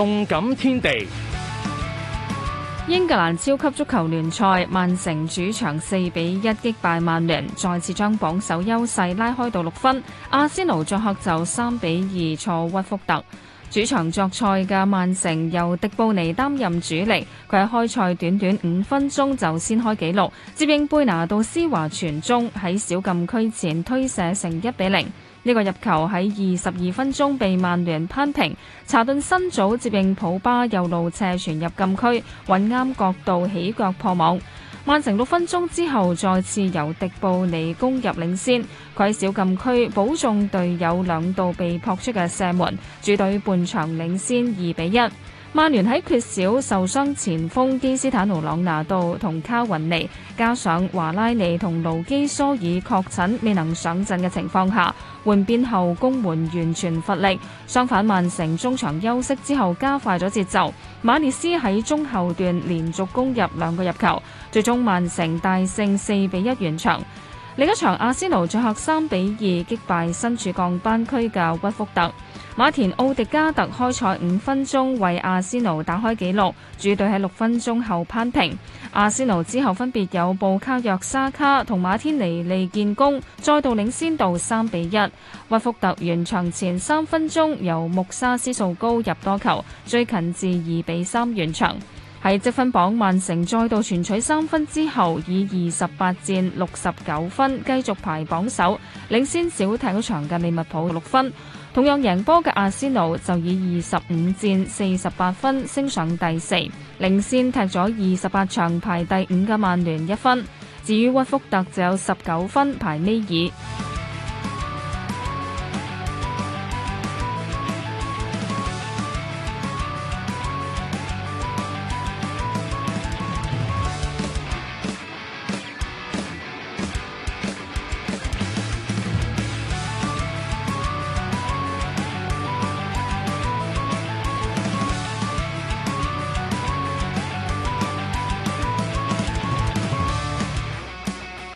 動感天地，英格蘭超級足球聯賽，曼城主場四比一擊敗曼聯，再次將榜首優勢拉開到六分。阿仙奴作客就三比二挫屈福特。主場作賽嘅曼城由迪布尼擔任主力，佢喺開賽短短五分鐘就先開紀錄，接應貝拿到施華傳中喺小禁區前推射成一比零。呢、這個入球喺二十二分鐘被曼聯扳平。查頓辛祖接應普巴右路斜傳入禁區，揾啱角度起腳破網。曼城六分鐘之後再次由迪布尼攻入領先，佢喺小禁區保中隊友兩度被撲出嘅射門，主隊半場領先二比一。曼聯喺缺少受傷前鋒基斯坦奴·朗拿度同卡雲尼，加上華拉尼同盧基蘇爾確診未能上陣嘅情況下，換邊後攻門完全乏力。相反，曼城中場休息之後加快咗節奏，馬列斯喺中後段連續攻入兩個入球，最終曼城大勝四比一完場。另一場，阿仙奴作客三比二擊敗身處降班區嘅屈福特。馬田奧迪加特開賽五分鐘為阿仙奴打開紀錄，主隊喺六分鐘後扳平。阿仙奴之後分別有布卡約沙卡同馬天尼利建功，再度領先到三比一。屈福特完場前三分鐘由穆沙施素高入多球，追近至二比三完場。喺積分榜，曼城再度全取三分之後，以二十八戰六十九分繼續排榜首，領先少踢咗場嘅利物浦六分。同樣贏波嘅阿仙奴就以二十五戰四十八分升上第四，領先踢咗二十八場排第五嘅曼聯一分。至於屈福特就有十九分排尾二。